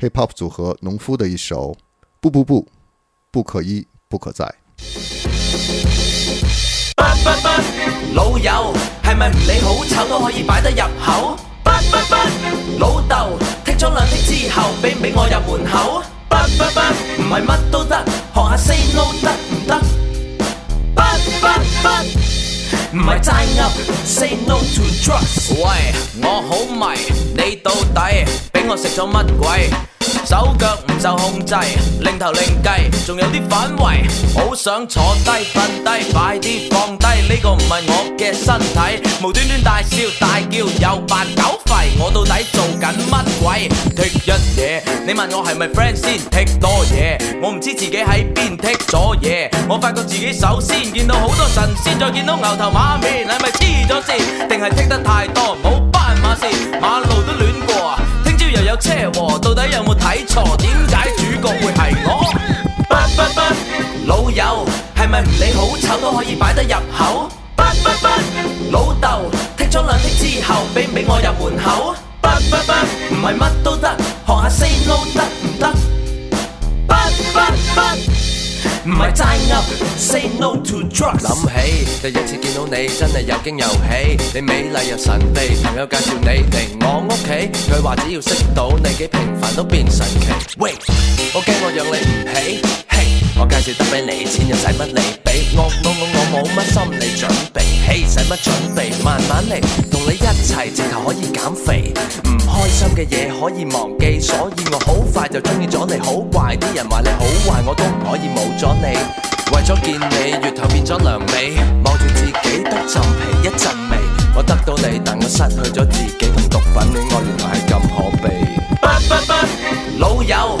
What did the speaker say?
Hip Hop 組合農夫的一首《不不不，不可一不可再》。 老友，係咪唔理好醜都可以擺得入口？ 老豆，踢咗兩踢之後，畀唔俾我入門口？ 不不不，唔係乜都得，學下 Say No 得唔得？不不不。 唔係齋噏 say no to drugs。喂，我好迷，你到底畀我食咗乜鬼？手腳唔受控制，擰頭擰計，仲有啲反胃，好想坐低瞓低，快啲放低呢個唔係我嘅身體，無端端大笑大叫又扮狗吠，我到底做緊乜鬼？踢一嘢，你問我係咪 friend 先？踢多嘢，我唔知自己喺邊踢咗嘢，我發覺自己首先見到好多神仙，再見到牛頭馬面，係咪痴咗線？定係踢得太多？冇好斑馬線，馬路都亂過。又有車喎、哦，到底有冇睇錯？點解主角會係我？不不不，老友係咪唔理好醜都可以擺得入口？不不不，老豆踢咗兩踢之後，俾唔俾我入門口？不不不，不不不，唔係乜都得，學下 say no 得唔得？不不不不諗、no、起第一次見到你，真係又驚又喜。你美麗又神秘，朋友介紹你嚟我屋企，佢話只要識到你，幾平凡都變神奇。w a i 我驚我養你唔起。嘿嘿我介紹得俾你，錢又使乜你俾？我 no, no, no, 我我我冇乜心理準備，嘿，使乜準備？慢慢嚟，同你一齊，直頭可以減肥。唔開心嘅嘢可以忘記，所以我好快就中意咗你。好壞啲人話你好壞，我都唔可以冇咗你。為咗見你，月頭變咗娘尾，望住自己得浸皮一陣味。我得到你，但我失去咗自己，同毒品戀愛原來係咁可悲。不不不，老友。